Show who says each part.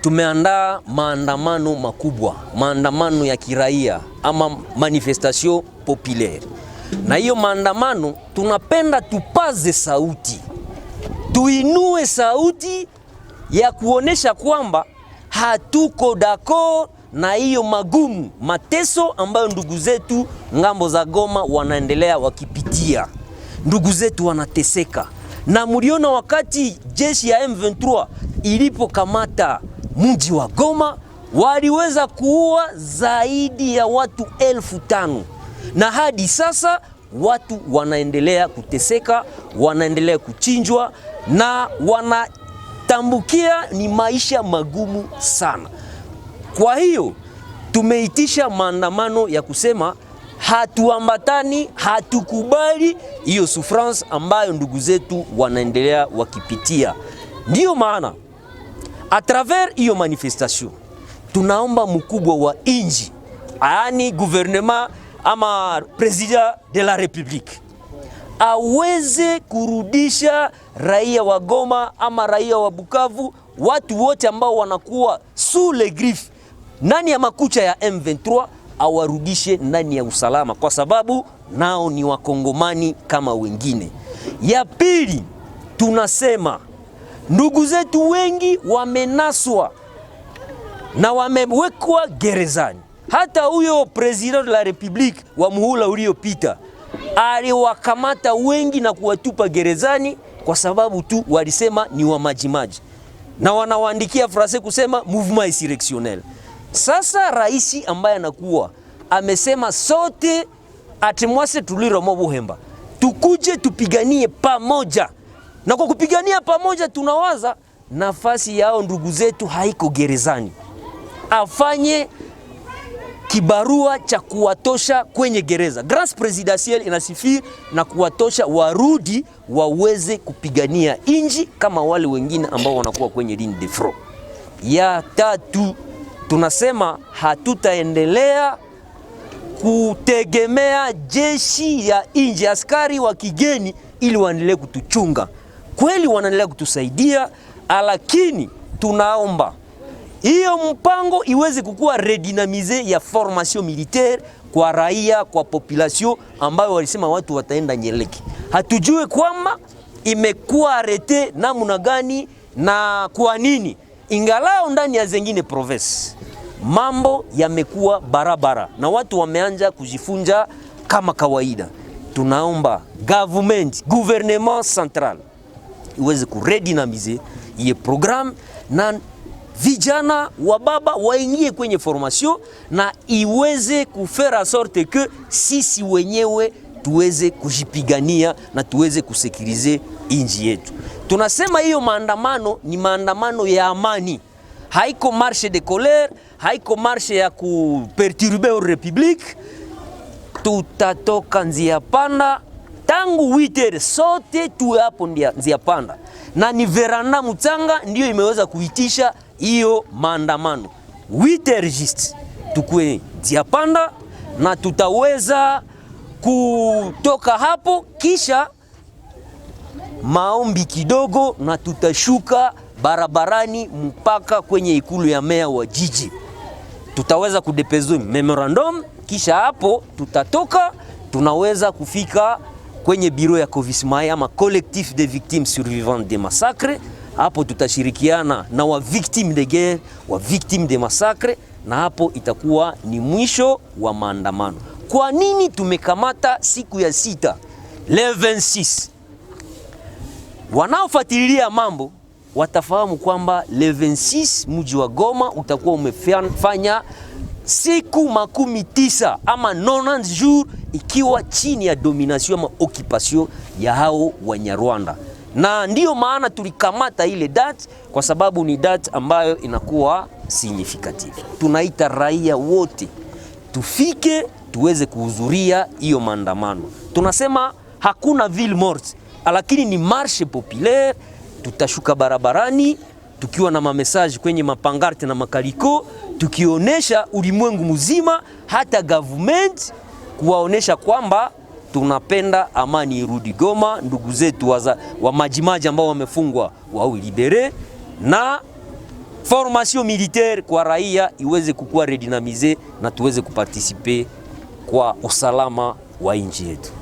Speaker 1: tumeandaa maandamano makubwa, maandamano ya kiraia ama manifestation populaire. Na hiyo maandamano tunapenda tupaze sauti, tuinue sauti ya kuonesha kwamba hatuko dako na hiyo magumu mateso ambayo ndugu zetu ngambo za Goma wanaendelea wakipitia. Ndugu zetu wanateseka, na mliona wakati jeshi ya M23 ilipokamata mji wa Goma waliweza kuua zaidi ya watu elfu tano na hadi sasa watu wanaendelea kuteseka, wanaendelea kuchinjwa na wanatambukia ni maisha magumu sana. Kwa hiyo tumeitisha maandamano ya kusema hatuambatani, hatukubali hiyo sufrance ambayo ndugu zetu wanaendelea wakipitia. Ndiyo maana A travers hiyo manifestation tunaomba mkubwa wa inji, yaani gouvernement ama president de la republique aweze kurudisha raia wa Goma ama raia wa Bukavu, watu wote ambao wanakuwa sous le griffe ndani ya makucha ya M23 awarudishe ndani ya usalama, kwa sababu nao ni wakongomani kama wengine. Ya pili tunasema Ndugu zetu wengi wamenaswa na wamewekwa gerezani. Hata huyo president de la republique wa muhula uliopita aliwakamata wengi na kuwatupa gerezani kwa sababu tu walisema ni wa majimaji, na wanawaandikia frase kusema mouvement insurrectionnel. Sasa rais ambaye anakuwa amesema sote atimwase tuliromo Buhemba, tukuje tupiganie pamoja na kwa kupigania pamoja tunawaza nafasi yao ndugu zetu haiko gerezani, afanye kibarua cha kuwatosha kwenye gereza. Grâce présidentielle inasifiri na kuwatosha warudi waweze kupigania inji kama wale wengine ambao wanakuwa kwenye ligne de front. Ya tatu tunasema hatutaendelea kutegemea jeshi ya inji, askari wa kigeni ili waendelee kutuchunga kweli wanaendelea kutusaidia, lakini tunaomba hiyo mpango iweze kukuwa redinamize ya formation militaire kwa raia, kwa population ambayo walisema watu wataenda nyeleki Hatujue kwamba imekuwa arete namna gani na kwa nini, ingalao ndani ya zengine province mambo yamekuwa barabara na watu wameanza kujifunja kama kawaida. Tunaomba government gouvernement central iweze kuredinamize ye program na vijana wa baba waingie kwenye formation na iweze kufera sorte ke sisi wenyewe tuweze kujipigania na tuweze kusekirize inji yetu. Tunasema hiyo maandamano ni maandamano ya amani, haiko marshe de colere, haiko marshe ya kuperturbe republique. Tutatoka nzia panda tangu witeri sote tuwe hapo nzia panda, na ni Veranda Mutsanga ndiyo imeweza kuitisha hiyo maandamano witeri jist tukue nzia panda, na tutaweza kutoka hapo kisha maombi kidogo, na tutashuka barabarani mpaka kwenye ikulu ya meya wa jiji. Tutaweza kudepezwa memorandum, kisha hapo tutatoka tunaweza kufika kwenye biro ya Kovismai ama collectif de victimes survivantes de massacre. Hapo tutashirikiana na wa victime de guerre, wa victime de massacre, na hapo itakuwa ni mwisho wa maandamano. Kwa nini tumekamata siku ya sita le 26? Wanaofuatilia mambo watafahamu kwamba le 26 mji wa Goma utakuwa umefanya siku makumi tisa ama 90 jour ikiwa chini ya domination ama occupation ya hao Wanyarwanda, na ndiyo maana tulikamata ile date kwa sababu ni date ambayo inakuwa significative. Tunaita raia wote tufike tuweze kuhudhuria hiyo maandamano. Tunasema hakuna ville morte, lakini ni marche populaire. Tutashuka barabarani tukiwa na mamesaji kwenye mapangarte na makaliko tukionyesha ulimwengu mzima, hata government kuwaonesha kwamba tunapenda amani irudi Goma, ndugu zetu wa, wa majimaji ambao wamefungwa wa libere, na formation militaire kwa raia iweze kukuwa redinamize na tuweze kupartisipe kwa usalama wa nchi yetu.